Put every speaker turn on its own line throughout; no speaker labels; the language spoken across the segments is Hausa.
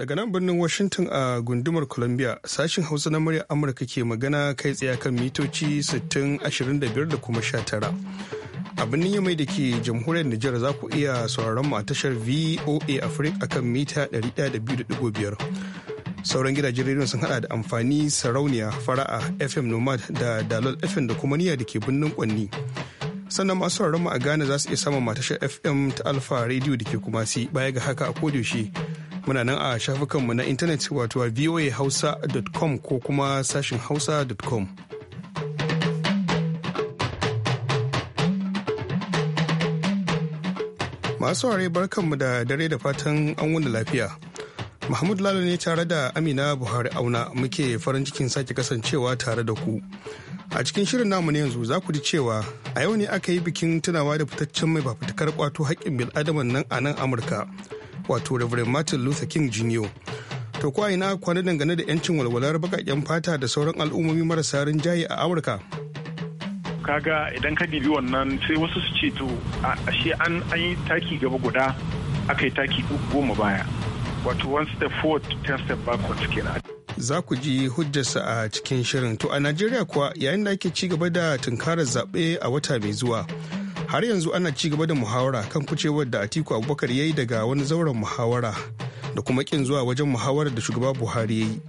Daga nan birnin Washington a gundumar Columbia sashin Hausa na muryar Amurka ke magana kai tsaye kan mitoci 60 25 da kuma 19. A birnin Yamai da ke jamhuriyar Nijar za ku iya sauraron mu a tashar VOA Africa akan mita 102.5. Sauran gidajen rediyon sun hada da amfani sarauniya fara'a FM Nomad da Dalol FM da kuma niyya da ke birnin Kwanni. sannan masu sauraron mu a Ghana za su iya samun matashar FM ta alfa Radio da ke kuma si baya ga haka a kodiyoshi muna nan a shafukanmu na intanet wato a voahausa.com ko kuma sashin hausa.com masu ware barkanmu da dare da fatan an wuni lafiya Mahmud Lalo ne tare da Amina Buhari Auna muke farin cikin sake kasancewa tare da ku. A cikin shirin namu na yanzu za ku ji cewa a yau ne aka yi bikin tunawa da fitaccen mai fafutukar kwato haƙƙin bil'adaman nan a nan Amurka wato Reverend Martin Luther King Jr. To ko ina kwana dangane da 'yancin walwalar bakaken fata da sauran al'ummomi marasa rinjaye a Amurka.
Kaga idan ka dibi wannan sai wasu su ce to ashe an yi taki gaba guda aka yi taki goma baya. Wato one step forward, ten step backwards kenan.
Za ku ji hujjarsa a cikin shirin. To a Najeriya kuwa yayin da ake ci gaba da tunkarar zaɓe a wata mai zuwa. har yanzu ana ci gaba da muhawara kan kucewar da atiku abubakar ya yi daga wani zauren muhawara da kuma kin zuwa wajen muhawarar da shugaba buhari ya yi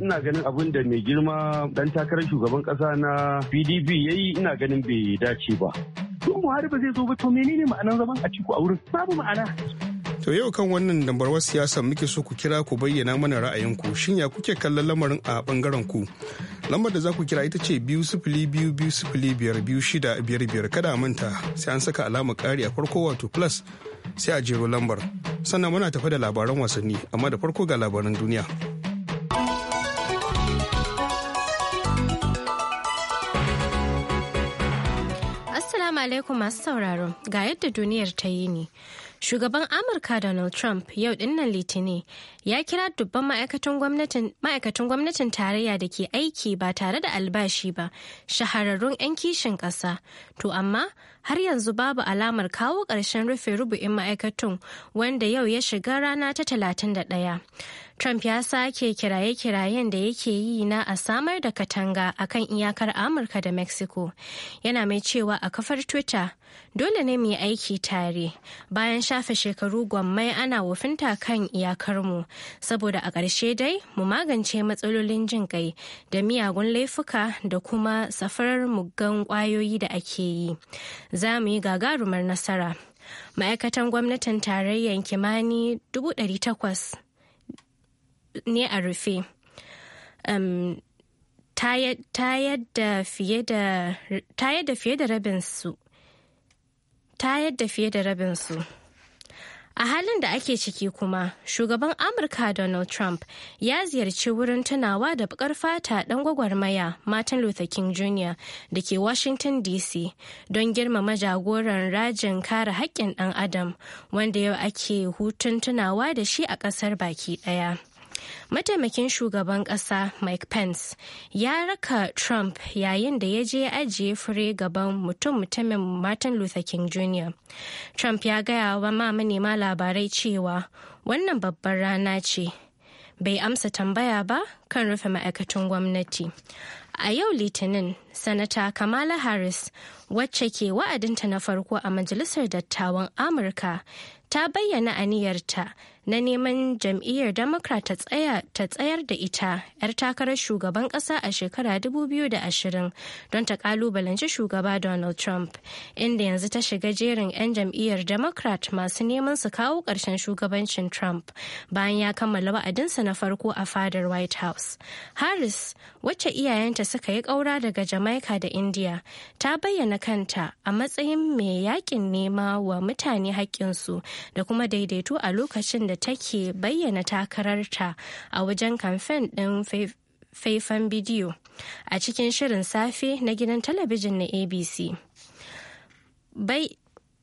ina ganin abin da mai girma dan takarar shugaban kasa na pdp
ya yi ina ganin bai dace ba
don buhari ba zai zo ba to menene ma'anar zaman Atiku a wurin babu ma'ana
To yau kan wannan dambarwar siyasa muke so ku kira ku bayyana mana ra'ayinku shin ya kuke kallon lamarin a bangaren ku. Lambar da za ku kira ita ce biyu sifili biyu biyu sifili biyar biyu shida biyar biyar kada a manta sai an saka alama kari a farko wato plus sai a jero lambar. Sannan muna tafa da labaran wasanni amma da farko ga labaran duniya.
Assalamu alaikum masu sauraro ga yadda duniyar ta yi ne. Shugaban Amurka Donald Trump yau dinnan litini, ya kira dubban ma'aikatan gwamnatin tarayya da ke aiki ba tare da albashi ba shahararrun 'yan kishin ƙasa. To amma har yanzu babu alamar kawo ƙarshen rufe rubu'in ma'aikatun wanda yau ya shiga rana ta talatin da ɗaya. Trump ya sake kiraye-kirayen da yake yi na a samar da katanga a kan iyakar Amurka da Mexico. Yana mai cewa a kafar Twitter, dole ne mu yi aiki tare bayan shafe shekaru gwammai ana wufinta kan iyakarmu, saboda a ƙarshe dai mu magance matsalolin jin kai da miyagun laifuka da kuma safarar mugan ƙwayoyi da ake yi. za mu yi gagarumar nasara ma'aikatan gwamnatin tarayyar kimani 800 ne a rufe um, ta yadda fiye da rabinsu ta yadda fiye da rabinsu A halin da ake ciki kuma, shugaban Amurka Donald Trump ya ziyarci wurin tunawa da bakar fata ɗan gwagwarmaya Martin Luther King Jr. da ke Washington DC don girmama jagoran rajin kare haƙƙin ɗan Adam wanda yau ake hutun tunawa da shi a ƙasar baki ɗaya. mataimakin shugaban ƙasa mike pence ya raka trump yayin da ya je ajiye fure gaban mutum-mutumin martin luther king jr trump ya gaya wa ma manema labarai cewa wannan babbar rana ce bai amsa tambaya ba kan rufe ma'aikatan gwamnati a yau litinin Sanata Kamala Harris, wacce ke wa'adinta na farko a Majalisar Dattawan Amurka, ta bayyana aniyarta na neman jam'iyyar Democrat ta tsayar da ita 'yar takarar shugaban ƙasa a shekara 2020 don ta kalubalanci shugaba Donald Trump, inda yanzu ta shiga jerin 'yan jam'iyyar Democrat masu neman su kawo ƙarshen shugabancin Trump bayan ya kammala wa'adinsa na farko a fadar White House. Harris, wacce iyayenta suka yi ƙaura daga jama'a jamaica da india ta bayyana kanta a matsayin mai yakin nema wa mutane haƙƙinsu da kuma daidaito a lokacin da take bayyana takararta a wajen kamfen ɗin faifan bidiyo a cikin shirin safe na gidan talabijin na abc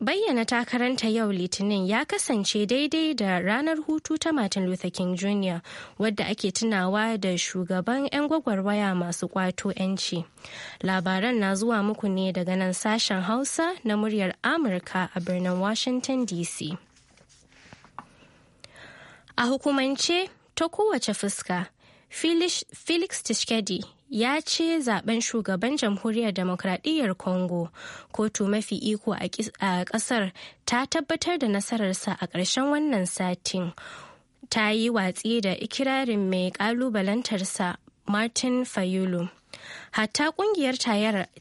Bayyana takaranta yau Litinin ya kasance daidai da ranar hutu ta Martin Luther King Jr. wadda ake tunawa da shugaban 'yan gwagwarwaya masu kwato 'yanci. Labaran na zuwa muku ne daga nan sashen Hausa na muryar Amurka a birnin Washington DC. A hukumance ta kowace fuska, Felix Tishkedi ya ce zaben shugaban jamhuriyar demokradiyyar congo kotu mafi iko a kasar ta tabbatar da nasararsa a ƙarshen wannan satin ta yi watsi da ikirarin mai ƙalubalantarsa martin fayulu hatta kungiyar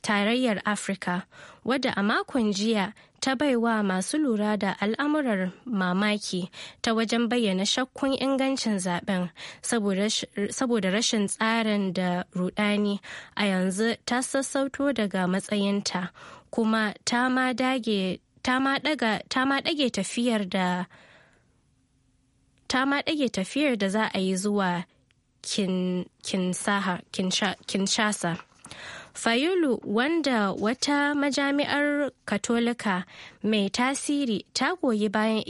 tarayyar afirka wadda a makon jiya ta baiwa masu lura da al'amurar mamaki ta wajen bayyana shakkun ingancin zaben saboda rashin tsarin da rudani a yanzu ta sassauto daga matsayinta kuma ta ma dage tafiyar da ta ma ɗage tafiyar da za a yi zuwa kinshasa Fayulu wanda wata majami'ar Katolika mai tasiri ta goyi bayan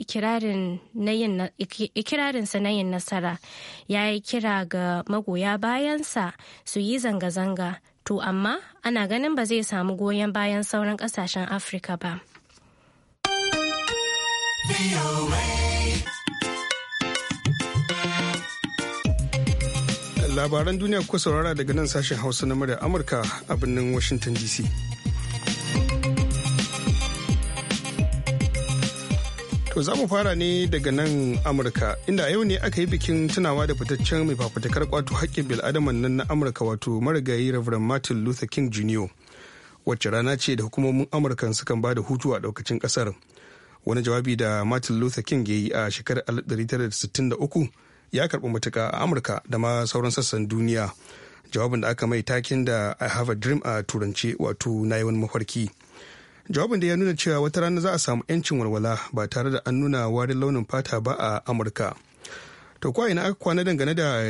ikirarinsa na yin nasara ya yi kira ga magoya bayansa su yi zanga-zanga to amma ana ganin ba zai samu goyon bayan sauran kasashen Afirka ba.
labaran duniya kuka saurara daga nan sashen hausa na murya amurka a birnin washington dc To za mu fara ne daga nan Amurka inda yau ne aka yi bikin tunawa da fitaccen mai fafutakar kwato haƙƙin bil'adaman nan na Amurka wato marigayi Reverend Martin Luther King Jr. Wacce rana ce da hukumomin Amurka sukan ba da hutu a ɗaukacin ƙasar. Wani jawabi da Martin Luther King ya yi a shekarar 1963 ya karbi matuka a amurka da ma sauran sassan duniya jawabin da aka mai takin da i have a dream a turance wato na wani mafarki jawabin da ya nuna cewa wata rana za a samu 'yancin walwala ba tare da an nuna warin launin fata ba a amurka to kwa ina aka kwana dangane da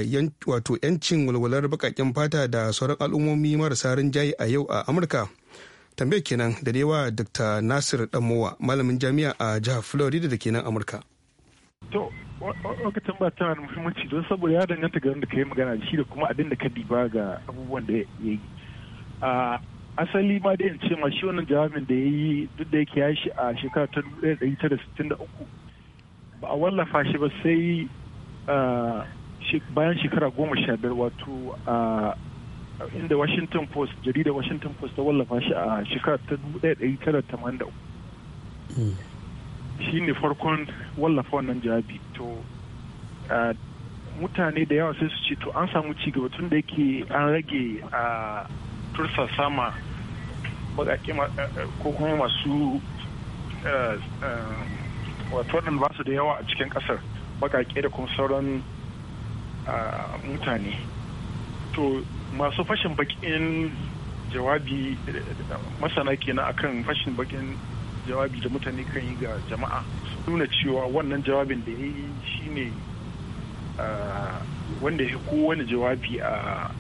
wato 'yancin walwalar bakakken fata da sauran al'ummomi marasa rinjaye a yau a amurka tambayar kenan da dewa dr nasir damowa malamin jami'a a jihar florida da kenan amurka
To, lokacin ba tana da muhimmanci don saboda ya danganta ga da ka yi magana da shi da kuma abin da ka diba ga abubuwan da ya yi. asali ma da ce ma shi wannan jawabin da ya yi duk da yake ya shi a shekara ta 1963 ba a wallafa shi ba sai bayan shekara goma sha biyar wato a inda washington post jaridar washington post ta wallafa shi a shekara ta 1983 Shi ne farkon wallafa wannan jawabi to mutane da yawa sai su ce to an samu cigaba tun da yake an rage a tursa sama baƙaƙe ko kuma masu wato waɗanda ba su da yawa a cikin ƙasar baƙaƙe da kuma sauran mutane to masu fashin bakin jawabi masana kenan akan fashin bakin. jawabi da mutane kan yi ga jama'a nuna cewa wannan jawabin da ya yi shi ne wanda ya kowane jawabi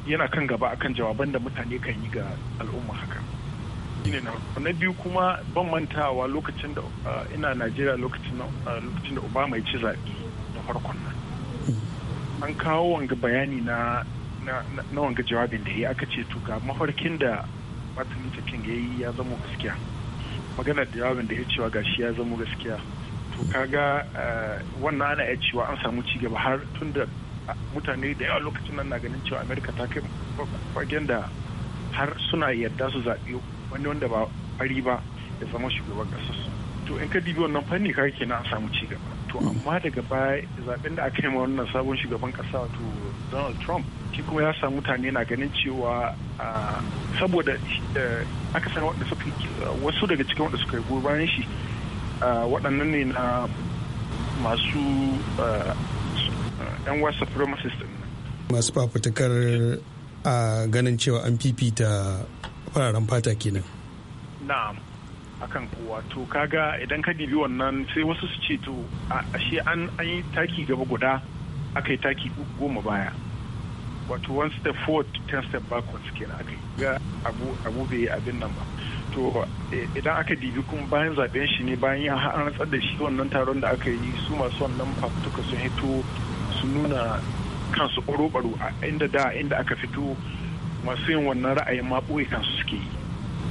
yana kan gaba akan jawaban da mutane kan yi ga al'umma haka na biyu kuma ban mantawa lokacin da ina najeriya lokacin da obama ya ci zaɓe da farkon nan an kawo wanga bayani na na wanga jawabin da ya aka ce to ga mafarkin da martin luther king ya yi ya zama gaskiya maganar da yawon da ya cewa gashi ya zama gaskiya to kaga eh, wannan ana iya cewa an samu ci gaba har tun da mutane da yawa lokacin nan na ganin cewa amerika ta kai fagen da har suna yadda su zaɓi wani wanda ba fari ba ya zama shugaban ƙasar to in ka dibi wannan fanni kaga kenan an samu ci gaba to amma daga baya zaben da aka yi ma wannan sabon shugaban kasa wato donald trump shi kuma ya sa mutane na ganin cewa saboda eh, aka san suka wasu daga cikin waɗanda suka yi bayan shi waɗannan ne na masu yan wasu supremacist
masu fafutukar a ganin cewa an fifita fararen fata kenan
na'am akan kowa to kaga idan ka dibi wannan sai wasu su ce to ashe an yi taki gaba guda aka yi taki goma baya wato one step forward ten step backwards kenan aka yi ga abu abu bai abin nan ba to e, idan aka dibi kuma bayan zaben shi ne bayan an rantsar da shi wannan taron da aka yi su masu wannan fafutuka sun hito su nuna kansu ɓaro-ɓaro baro inda da inda aka fito masu yin wannan ra'ayin ma ɓoye kansu suke yi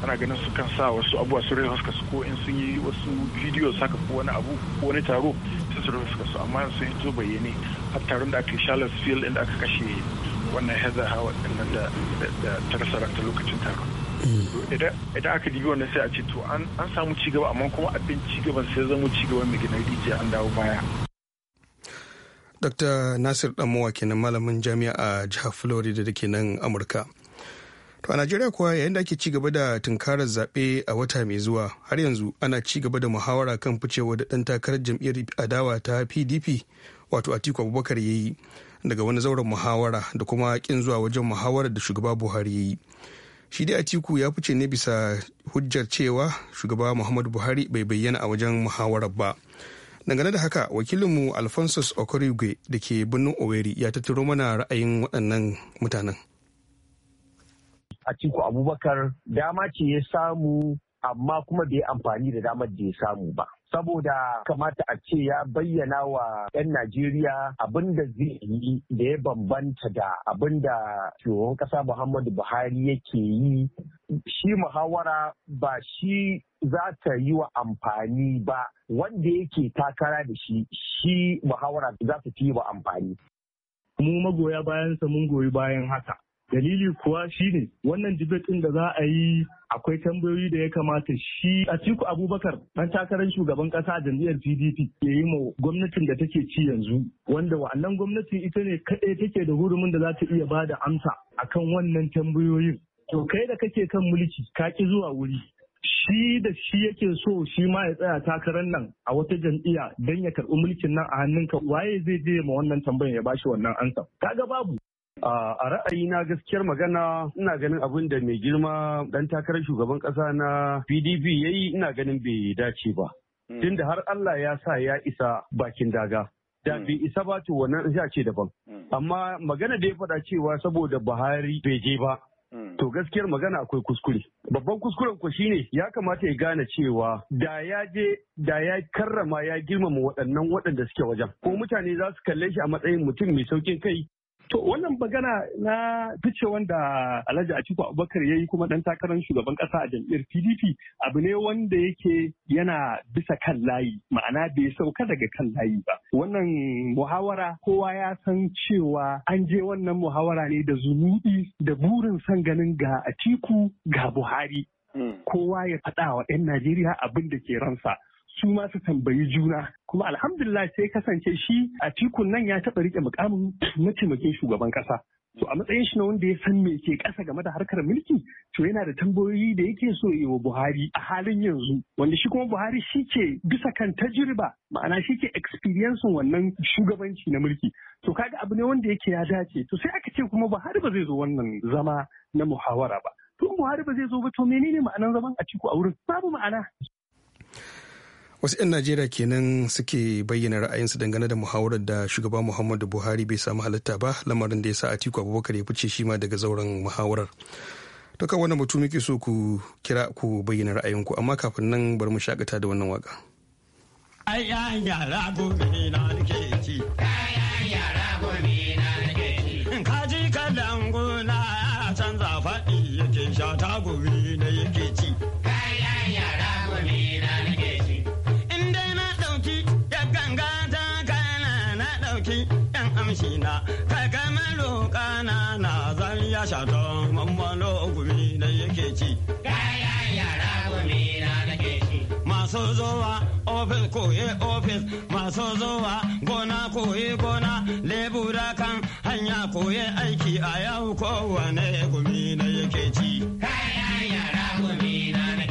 ana ganin su kan sa wasu abubuwa su rera haska su ko in sun yi wasu bidiyo haka ko wani abu ko wani taro sun su rera su amma sun yi zo bayyane har taron da aka yi field inda aka kashe wannan Heather Howard din nan da ta rasa ranta lokacin taron. Idan aka dibi wannan sai a ce to an samu cigaba amma kuma abin cigaban sai zama cigaban mai gina rijiya an dawo baya.
Dr. Nasir Damowa kenan malamin jami'a a jihar Florida da ke nan Amurka. To a Najeriya kuwa yayin da ake ci gaba da tunkarar zaɓe a wata mai zuwa har yanzu ana ci gaba da muhawara kan ficewa da ɗan takarar jam'iyyar adawa ta PDP wato Atiku Abubakar ya yi daga wani zauren muhawara da kuma kin zuwa wajen muhawarar da shugaba Buhari ya yi. Shi dai Atiku ya fice ne bisa hujjar cewa shugaba Muhammadu Buhari bai bayyana a wajen muhawarar ba. Dangane da haka wakilinmu Alphonsus Okorigwe da ke birnin Oweri ya tattaro mana ra'ayin waɗannan mutanen.
Atiku Abubakar dama ce ya samu amma kuma bai amfani da damar da ya samu ba. Saboda kamata a ce ya bayyana wa 'yan Najeriya abin da zai yi da ya bambanta da abin da shugaban ƙasa Muhammadu Buhari yake yi. Shi muhawara
ba shi za ta yi wa amfani ba wanda yake takara da shi shi muhawara za ta fi wa amfani.
Mu magoya bayansa mun goyi bayan haka. dalili kuwa shine wannan debate ɗin da za a yi akwai tambayoyi da ya kamata shi a ciku abubakar ɗan takarar shugaban ƙasa a jam'iyyar pdp ya yi ma gwamnatin da take ci yanzu wanda wa'annan gwamnatin ita ne kaɗai take da hurumin da za ta iya ba da amsa akan wannan tambayoyin to kai da kake kan mulki ka ki zuwa wuri shi da shi yake so shi ma ya tsaya takarar nan a wata jam'iyya don ya karɓi mulkin nan a hannunka waye zai je ma wannan tambayan ya bashi wannan amsa kaga babu a ra'ayi na gaskiyar magana ina ganin abin da mai girma dan takarar shugaban kasa na pdp ya yi ina ganin bai dace ba hmm. tunda har allah ya sa ya isa bakin daga da hmm. bai isa ba to wannan sai ce daban hmm. amma magana da ya faɗa cewa saboda buhari bai je ba To gaskiyar magana akwai kuskure. Babban kuskuren ku shine ya kamata ya gane cewa da ya je da ya karrama ya girmama waɗannan waɗanda suke wajen. Ko mutane za su kalle shi a matsayin mutum mai saukin kai To wannan magana na fice wanda Alhaji Atiku Abubakar ya yi kuma ɗan takarar shugaban ƙasa a jam'iyyar PDP abu ne wanda yake yana bisa kan layi ma'ana bai sauka daga kan layi ba. Wannan muhawara kowa ya san cewa an je wannan muhawara ne da zunubi da burin son ganin ga Atiku ga Buhari. Hmm. Kowa ya faɗa wa 'yan Najeriya abin da ke ransa. su ma su tambayi juna kuma alhamdulillah sai kasance shi a tikun nan ya taɓa rike mukamin na taimakin shugaban ƙasa to a matsayin shi na wanda ya san me ke ƙasa game da harkar mulki to yana da tambayoyi da yake so yi wa Buhari a halin yanzu wanda shi kuma Buhari shi ke bisa kan tajriba ma'ana shi ke experience wannan shugabanci na mulki to kaga abu ne wanda yake ya dace to sai aka ce kuma Buhari ba zai zo wannan zama na muhawara ba to Buhari ba zai zo ba to menene ma'anar zaman a ciku a wurin babu ma'ana
wasu 'yan najeriya kenan suke bayyana ra'ayinsu dangane da muhawarar da shugaba muhammadu buhari bai samu halitta ba lamarin da ya sa atiku abubakar ya fice shi ma daga zauren muhawarar to kan wannan mutum muke so ku kira ku bayyana ra'ayinku amma kafin nan bari mu shakata da wannan waka ai ya
gobe na nake ci ai yara gobe na nake ci kaji kalangu na canza faɗi kunshi kai kai malu kana na zan ya shato mammalo gumi da yake ci kaya yara gumi na nake ci masu zuwa ofis koye ofis masu zuwa gona koye gona lebura kan hanya koye aiki a yau kowane gumi da yake ci kaya yara gumi na nake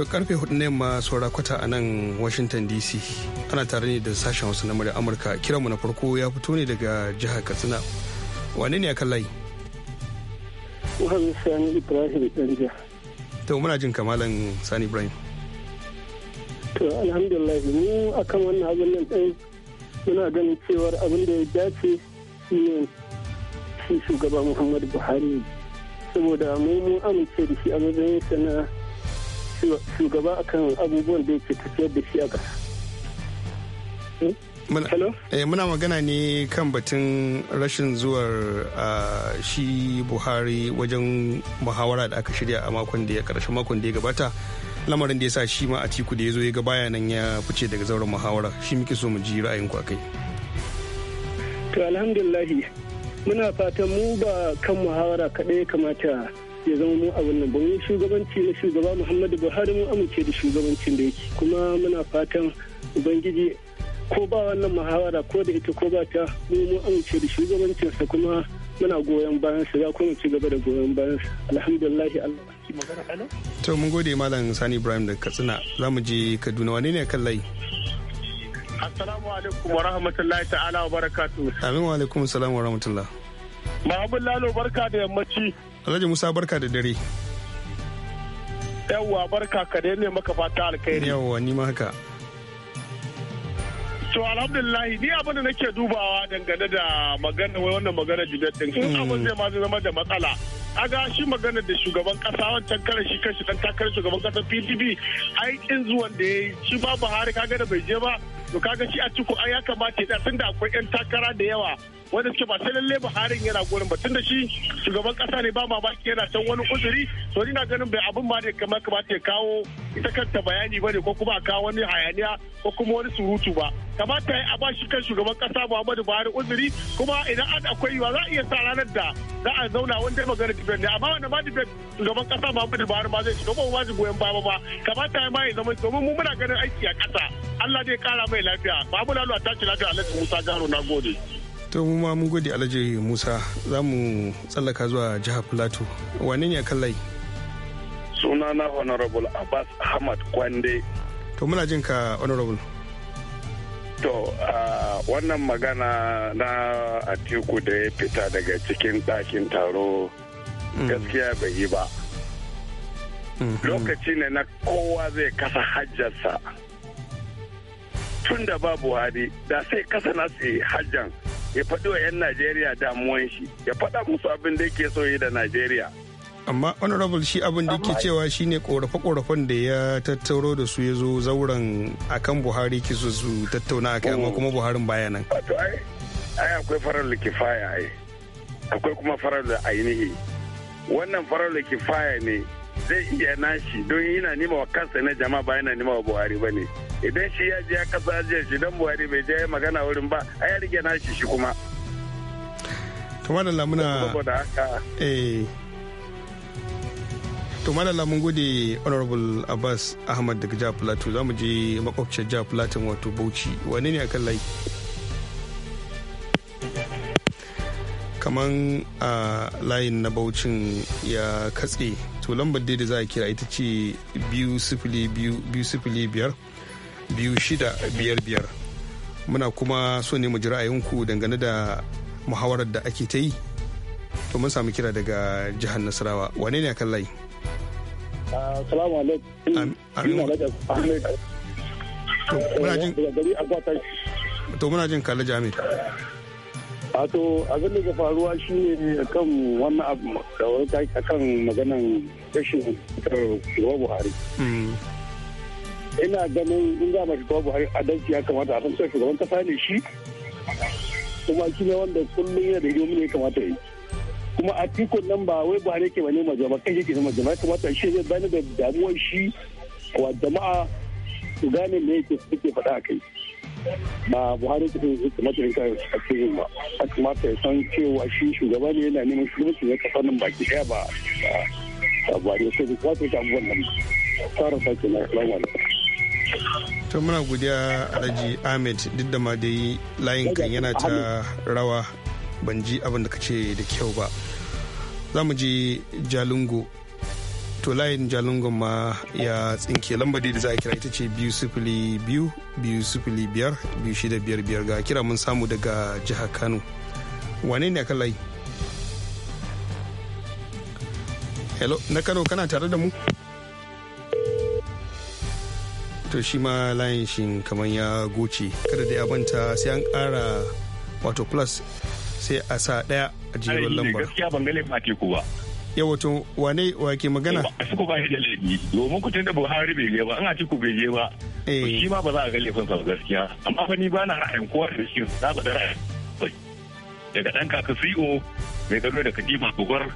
To karfe hudu ne ma saura kwata a nan Washington DC. Ana tare ne da sashen wasu na murya Amurka. Kiranmu na farko ya fito ne daga jihar Katsina. Wane ne a kan layi?
Sani
Ibrahim Danja.
To muna jin kamalan Sani Ibrahim.
To alhamdulillah mu akan wannan abin nan ɗin muna ganin cewar abin da ya dace shine shi shugaba Muhammadu Buhari saboda mu mun amince da shi a matsayin sana'a shugaba akan abubuwan da yake tafiyar da
shi a ƙasa.
muna eh, magana ne kan batun rashin zuwar ah, shi buhari wajen muhawara da aka shirya a makon da ya karshen makon da ya gabata lamarin da ya sa shi ma a tiku da ya zo ya ga baya nan ya fice daga zauren muhawara shi muke so mu ji ra'ayin a kai
to alhamdulillahi muna fatan mu ba kan muhawara kaɗai kamata ya zama mu a wannan ba mu shugabanci na shugaba muhammadu buhari mu amince da shugabancin da yake kuma muna fatan ubangiji ko ba wannan muhawara ko da ita ko ba ta mu mu amince da shugabancinsa kuma muna goyon bayan sa ya kuma ci gaba da goyon bayan sa alhamdulillah Allah
to mun gode malam Sani Ibrahim da Katsina za mu je Kaduna wane ne kan layi Assalamu alaikum wa rahmatullahi ta'ala wa barakatuh Amin wa alaikum salam wa rahmatullah Muhammad Lalo barka da yammaci Alhaji Musa barka da dare.
Yawwa barka ka dai ne maka fata alkhairi.
Yawwa ni ma haka.
To alhamdulillahi ni abin da nake dubawa dangane da magana wai wannan magana Juliet din in mm. abin zai ma zama da matsala. Aga shi magana da shugaban kasa wancan karan shi shi dan takarar shugaban kasa PDP aikin zuwan da yayi shi ba Buhari kaga da bai je ba to kaga shi a ciko ya kamata ya tunda akwai yan takara da yawa wanda suke ba sai lalle Buharin yana gurin ba tunda shi shugaban kasa ne ba mamaki yana can wani uzuri to ina ganin bai abin ba da kamar kamata ya kawo ita kanta bayani ba ne ko kuma a kawo wani hayaniya ko kuma wani surutu ba kamata ya ba shi kan shugaban kasa Muhammadu Buhari uzuri kuma idan an akwai yiwa za a iya sa ranar da za a zauna wanda ya magana dibet ne amma wanda ma dibet shugaban kasa Muhammadu Buhari ma zai shiga ba ba goyon baya ba kamata ya ma ya zama domin mu muna ganin aiki a kasa Allah zai kara mai kai lafiya babu lalu a tashi lafiya alhaji musa garo na gode
to mu ma mun gode alhaji musa za mu tsallaka zuwa jihar plateau wane ne kan layi
sunana honorable abbas ahmad kwande
to muna jin ka honorable
To, wannan magana na Atiku da ya fita daga cikin ɗakin taro mm. gaskiya bai yi ba. Mm-hmm. Lokaci ne na kowa zai kasa hajjarsa. tun da ba buhari da sai kasa na su hajjan ya faɗi wa 'yan najeriya damuwan shi ya faɗa musu abin da yake so yi da najeriya
amma honorable shi abin da yake cewa shine korafe-korafen da ya tattauro da su ya zo zauren akan buhari ki su tattauna akai amma kuma buharin baya nan wato
akwai farar kifaya ai akwai kuma farar da ainihi wannan farar kifaya ne zai iya nashi don yana nima wa kansa na jama'a ba yana nima wa buhari ba ne idan shi ya je ya kasa ajiyar shi don buhari bai je magana wurin ba a ya rige nashi shi kuma
kamar da lamuna eh to malala mun gode honorable abbas ahmad daga jihar plateau za mu je makwabciyar jihar plateau wato bauchi wani ne akan layi kaman a ah, layin na bauchin ya katse to lambar da za a kira ita ce biyu sifili biyu biyu sifili biyar biyu shida biyar biyar muna kuma so ne mu ji ra'ayinku dangane da muhawarar da ake ta yi to mun samu kira daga jihar nasarawa wane ne a kan layi to muna jin kalaji jami'a
Wato abin da ke faruwa shi ne kan wannan abu da wani taki akan maganan rashin shugaba Buhari. Hmm. Ina ganin in za mu shugaba Buhari adalci ya kamata a san shugaban kasa ne shi kuma shi ne wanda kullum yana da yomi ne kamata yi. kuma a tikon nan ba wai buhari ke bane ba kai yake zama jama'a kamata shi ne bani da damuwar shi wa jama'a su gane me yake suke faɗa a kai. ba buhari kamata ya kai a cikin ba a kamata ya san cewa shi shugaba ne yana neman shugabanci ya kasa nan baki daya ba
buhari ne sai ba ta abubuwan nan tsara sake na lawan
to muna godiya alhaji ahmed duk da ma dai layin kan yana ta rawa ban ji abin da ka ce da kyau ba za mu ji jalingo to layin jalungun ma ya tsinke lambadi da za a kira ita ce biyu sifili biyu biyu sifili biyar biyu shida biyar biyar ga kira mun samu daga jiha kano wane ne aka layi hello na kano kana tare da mu to shi ma layin shi kamar ya goce kada da ya banta sai an kara wato plus sai a sa daya a jerin lambar
gaskiya ban ba
ya wato wane wa ke magana
Atiku ba da laifi domin kutun da Buhari bai je ba in ku bai je ba eh. shi ma ba za a ga laifin sa gaskiya amma fa ni ba na ra'ayin kowa da shi za ba da ra'ayin daga ɗan kaka CEO mai gado da Kadima Bugwar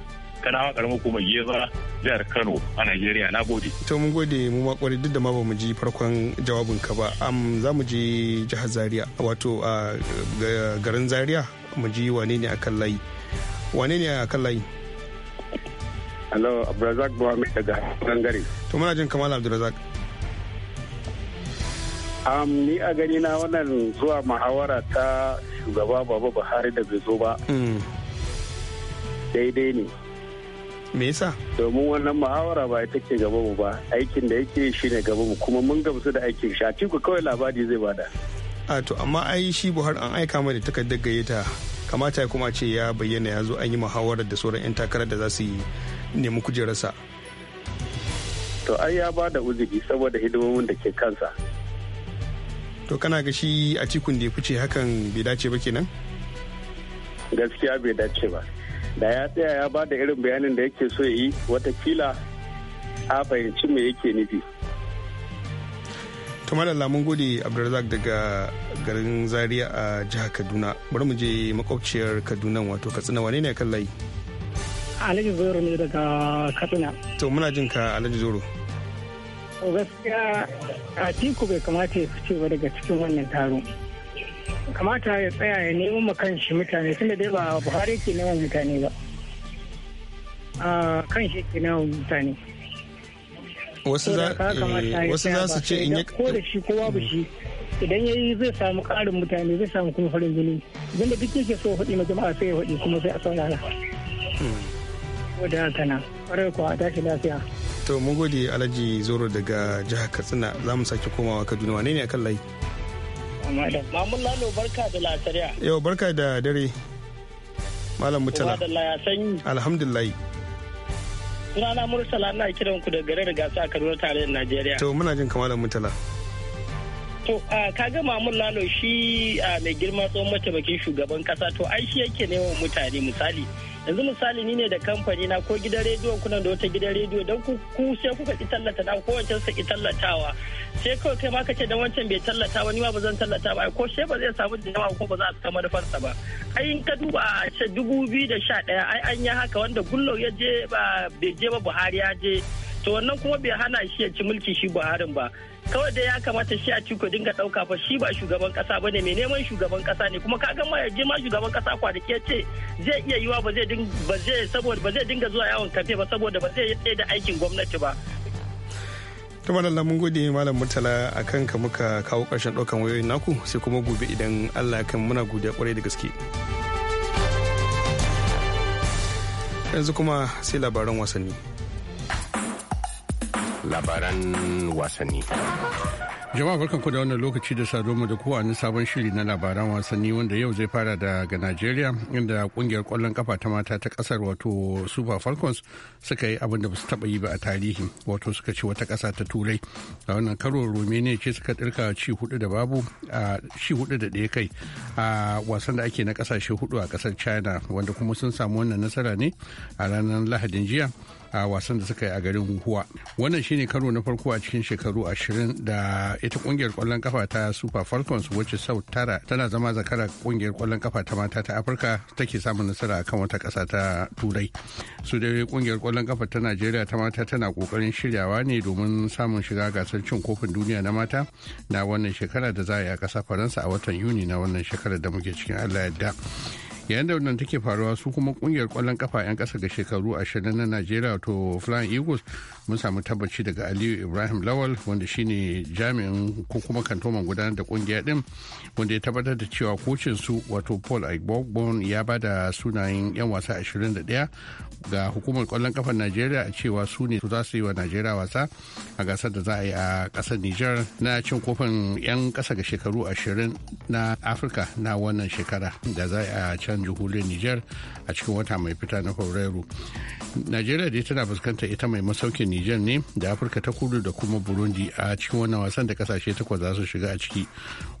kana karamar kuma Geza jihar Kano a Najeriya na gode
to mun gode mu ma kwari duk da ma mu ji farkon jawabin ka ba am za mu je jihar Zaria wato a garin Zaria mu ji wane ne akan layi wane ne akan layi
Hello, Abdulrazak
Buhamed daga Gangare.
To muna jin Kamal Abdulrazak.
Um, ni a gani na wannan zuwa muhawara ta shugaba Baba Buhari da bai zo ba. Mm. Daidai ne. Me yasa? Domin wannan muhawara ba ita ke gaba mu ba, aikin da yake shi ne gaba mu kuma mun gamsu da aikin shi. A kawai labari zai bada.
A to amma ai shi Buhari an aika mai da takardar gayyata kamata ya kuma ce ya bayyana ya zo an yi muhawarar da sauran 'yan takarar da za su yi nemi kujerarsa
to ai ya ba da uzuri saboda hidimomin da ke kansa
to kana ga shi a tikun da ya fice hakan bai dace ba kenan
gaskiya bai dace ba da ya tsaya ya ba da irin bayanin da yake so yi watakila a fahimci me yake nufi
tumar lamun gode abdulrazak daga garin zaria a jihar kaduna bari mu je makwabciyar kaduna wato katsina wane ne kan layi
Alhaji Zoro ne daga Katsina.
To muna jin ka Alhaji Zoro.
To gaskiya a tiku bai kamata ya fice ba daga cikin wannan taro. Kamata ya tsaya ya nemo ma kanshi mutane tunda dai ba Buhari ke neman mutane ba. Ah, kan shi ke neman mutane.
Wasu za eh, su ce in yi
ko da shi ko babu shi idan ya yi zai samu ƙarin mutane zai samu kuma farin jini. Zanda duk yake so faɗi na jama'a sai ya faɗi kuma sai a saurara. Hmm. Gode haka nan. Kwarai kuwa shi lafiya.
To mun gode Alhaji Zoro daga jihar Katsina za mu sake komawa Kaduna wane ne akan layi?
Mamun Lalo barka da lasariya.
Yau barka da dare. Malam Mutala. Alhamdulillah.
Sunana Mursala ina kiran ku da garin gasa a Kaduna tarayyar Najeriya.
To muna jin kamalan mutala.
To kaga Mamun Lalo shi mai girma tsohon mataimakin shugaban kasa to ai shi yake neman mutane misali. yanzu misali ni ne da kamfani na ko gidan rediyo kuna da wata gidan rediyo don ku sai kuka ki tallata na ko wancan sai ki tallatawa sai kawai kai ma kace da dan wancan bai tallata ba ni ma ba zan tallata ba ko sai ba zai samu da yawa ko ba za a samu manufarsa ba ai in ka duba a 2011 da sha ɗaya ai an yi haka wanda gullo ya je ba bai je ba Buhari ya je to wannan kuma bai hana shi ya ci mulki shi Buharin ba kawai da ya kamata shi a ciko dinga dauka fa shi ba shugaban kasa bane mai neman shugaban kasa ne kuma kaga ma yaje ma shugaban kasa da ya ce zai iya yiwa ba zai ba zai saboda ba zai dinga zuwa yawon kafe ba saboda ba zai tsaye da aikin gwamnati ba
ta malalla mun gode malam murtala akan ka muka kawo karshen daukan wayoyin naku sai kuma gobe idan allah ya kan muna gode kwarai da gaske yanzu kuma sai labaran wasanni
labaran wasanni Jama'a barkanku da wannan lokaci da sado mu da kowane sabon shiri na labaran wasanni wanda yau zai fara daga Najeriya inda kungiyar kwallon kafa ta mata ta kasar wato Super Falcons suka yi abin da ba su taba yi ba a tarihi wato suka ci wata kasa ta Turai. A wannan karo Romania ce suka dirka ci hudu da babu a ci hudu da ɗaya kai a wasan da ake na kasashe hudu a kasar China wanda kuma sun samu wannan nasara ne a ranar Lahadin jiya. a wasan da suka yi a garin huwa Wannan shine karo na farko a cikin shekaru ashirin da ita kungiyar kwallon kafa ta super falcons wacce sau tara tana zama zakara kungiyar kwallon kafa ta mata ta afirka take samun nasara akan wata kasa ta turai su dai kungiyar kwallon kafa ta najeriya ta mata tana kokarin shiryawa ne domin samun shiga gasar cin kofin duniya na mata na wannan shekara da za a yi a kasa faransa a watan yuni na wannan shekarar da muke cikin allah yadda yayin da wannan take faruwa su kuma kungiyar kwallon kafa 'yan kasa ga shekaru 20 na najeriya to flying eagles mun samu tabbaci daga aliyu ibrahim lawal wanda shine jami'in ko kuma kantoman gudanar da kungiya din wanda ya tabbatar da cewa kocin su wato paul aigbobon ya bada da sunayen 'yan wasa 21 ga hukumar kwallon kafar najeriya a cewa su ne za su yi wa najeriya wasa a gasar da za a yi a kasar nijar na cin kofin 'yan kasa ga shekaru 20 na afirka na wannan shekara da za a can jihuliyar niger a cikin wata mai fita na fabrairu najeriya dai tana fuskantar ita mai masaukin nijar ne da afirka ta kudu da kuma burundi a cikin wannan wasan da kasashe takwas za su shiga a ciki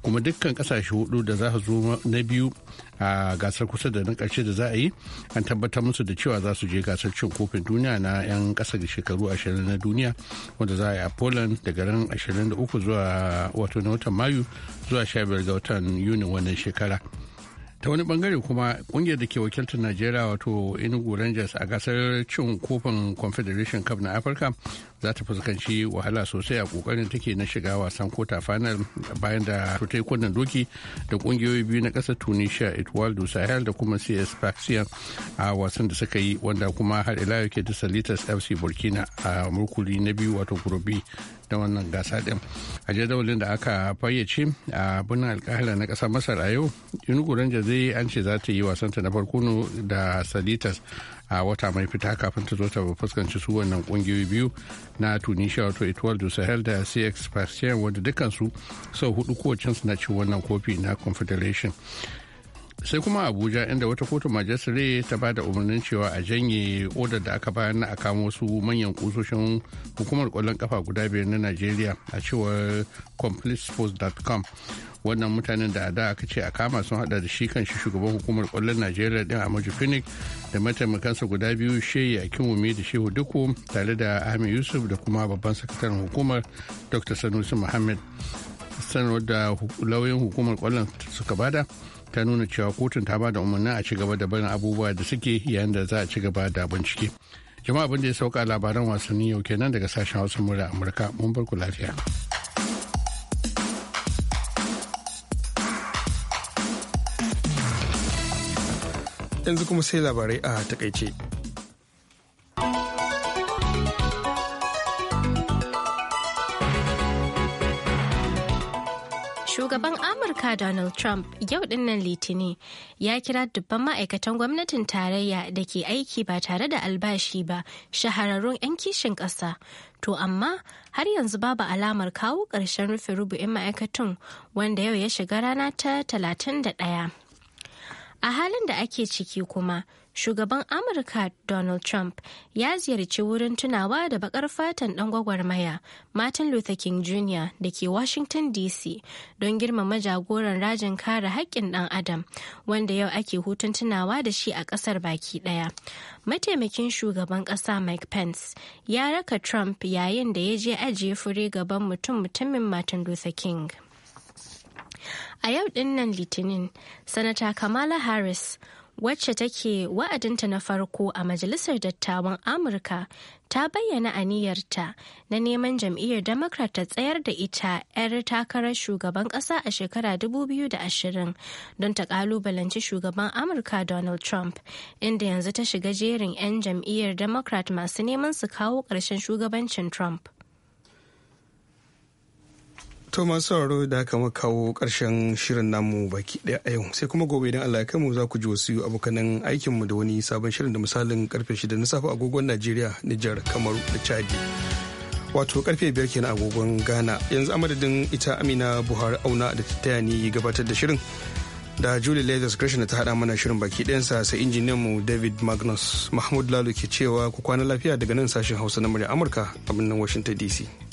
kuma dukkan kasashe hudu da za su zo na biyu a gasar kusa da na karshe da za a yi an tabbatar musu da cewa za su je gasar cin kofin duniya na 'yan kasa da shekaru 20 na duniya wanda za a yi a poland daga ran 23 zuwa wato na watan mayu zuwa 15 ga watan yuni wannan shekara ta wani bangare kuma kungiyar da ke wakiltar najeriya wato inugu rangers a gasar cin kofin confederation cup na afirka za ta fuskanci wahala sosai a kokarin take na shiga wasan kota final bayan da tutai kunnen doki da kungiyoyi biyu na kasar tunisia du sahel da kuma cs faxian a wasan da suka yi wanda kuma har ila yake da salitas fc burkina a murkuli na biyu wato gurubi da wannan gasa din a jadawalin da aka fayyace a birnin alkahira na kasar masar a yau inugu rangers zai an ce za ta yi wasanta na farko da salitas a wata mai fita kafin ta zo ta fuskanci su wannan kungiyoyi biyu na tunisia wato etoile du sahel da cx wanda dukansu sau hudu kowacinsu na ci wannan kofi na confederation sai kuma abuja inda wata kotun majalisare ta ba da umarnin cewa a janye odar da aka bayar na akan wasu manyan kusoshin hukumar kwallon kafa guda biyar na nigeria a cewar completesports.com wannan mutanen da da aka ce a kama sun hada da shi kanshi shugaban hukumar kwallon najeriya din amaju phoenix da mataimakansa guda biyu shehi akinwumi da shehu duku tare da ahmed yusuf da kuma babban sakataren hukumar dr sanusi muhammad sanarwar da lauyin hukumar kwallon suka bada ta nuna cewa kotun ta ba da umarni a ci gaba da barin abubuwa da suke yayin da za a ci gaba da bincike jama'a abin da ya sauka labaran wasanni yau kenan daga sashen hausa murya amurka mun bar ku lafiya
yanzu kuma sai labarai a takaice
Shugaban Amurka Donald Trump yau dinnan Litinin ya kira dubban ma'aikatan gwamnatin tarayya da ke aiki ba tare da albashi ba shahararrun 'yan kishin ƙasa. To amma har yanzu babu alamar kawo ƙarshen rufe rubu'in ma'aikatun wanda yau ya shiga rana ta 31. A halin da ake ciki kuma, shugaban amurka donald trump ya ziyarci wurin tunawa da bakar fatan dan gwagwarmaya martin luther king jr da ke washington dc don girmama jagoran rajin kare haƙƙin ɗan adam wanda yau ake hutun tunawa da shi a ƙasar baki ɗaya mataimakin shugaban ƙasa mike pence ya raka trump yayin da ya je ajiye fure gaban mutum-mutumin martin luther king A yau ɗin nan Litinin, Sanata Kamala Harris, wacce take wa'adinta na farko a Majalisar Dattawan Amurka ta bayyana aniyarta na neman jam'iyyar Democrat ta tsayar da ita 'yar takarar shugaban ƙasa a shekara 2020 don ta kalubalanci shugaban Amurka Donald Trump, inda yanzu ta shiga jerin 'yan jam'iyyar Democrat masu neman su kawo ƙarshen shugabancin Trump.
To masu sauraro da haka muka kawo ƙarshen shirin namu baki ɗaya a yau sai kuma gobe idan Allah ya kai za ku ji wasu abokanan aikinmu da wani sabon shirin da misalin karfe shida na safe agogon Najeriya, Nijar, Kamaru da Chadi. Wato karfe biyar kenan agogon Ghana yanzu a ita Amina Buhari Auna da ta taya ni gabatar da shirin da Julie Leathers Gresham ta haɗa mana shirin baki ɗayansa sai injiniyan mu David Magnus Mahmud Lalo ke cewa ku kwana lafiya daga nan sashen Hausa na murya Amurka a birnin Washington DC.